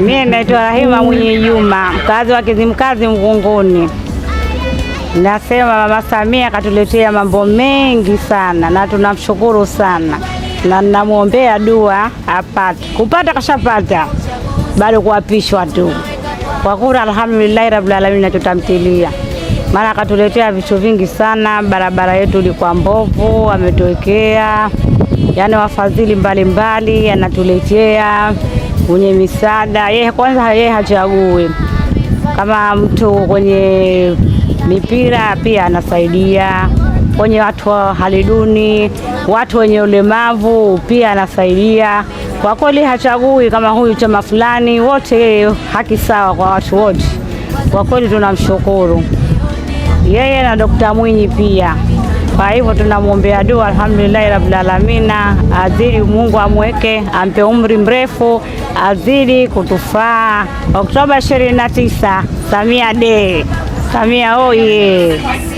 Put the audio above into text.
Mimi naitwa Rahima mwenye yuma mkazi wa Kizimkazi Mgunguni. Nasema Mama Samia katuletea mambo mengi sana na tunamshukuru sana, na namwombea dua apate. Kupata kashapata, bado kuapishwa tu kwa kura. Alhamdulillahi rabbil alamin, natutamtilia maana akatuletea vitu vingi sana. Barabara yetu ilikuwa mbovu, ametuwekea yani wafadhili mbalimbali, anatuletea mwenye misaada yeye kwanza, yeye hachague kama mtu kwenye mipira pia anasaidia, kwenye watu wa hali duni, watu wenye ulemavu pia anasaidia. Kwa kweli hachagui kama huyu chama fulani, wote yeye haki sawa kwa watu wote. Kwa kweli tunamshukuru yeye na Dokta Mwinyi pia. Kwa hivyo tunamwombea dua, alhamdulillahi rabbil alamina, azidi Mungu amweke, ampe umri mrefu, azidi kutufaa. Oktoba 29 Samia de Samia oye!